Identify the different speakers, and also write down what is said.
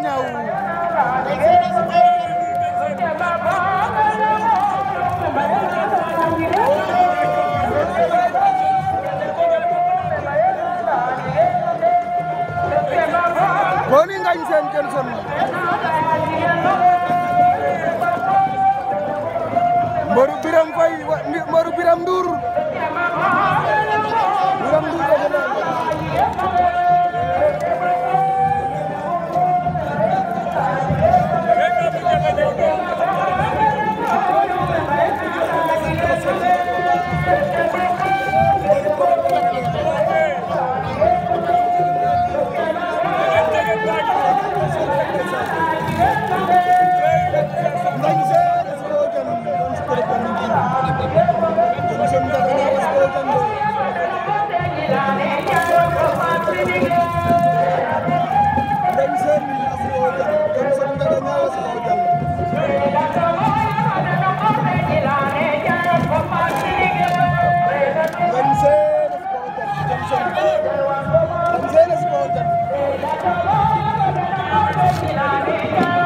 Speaker 1: Nyau. Boni ngañ seen Johnson. Mbaru Biram Faye mbaru Biram Ndour. Let's go check this out. There you go.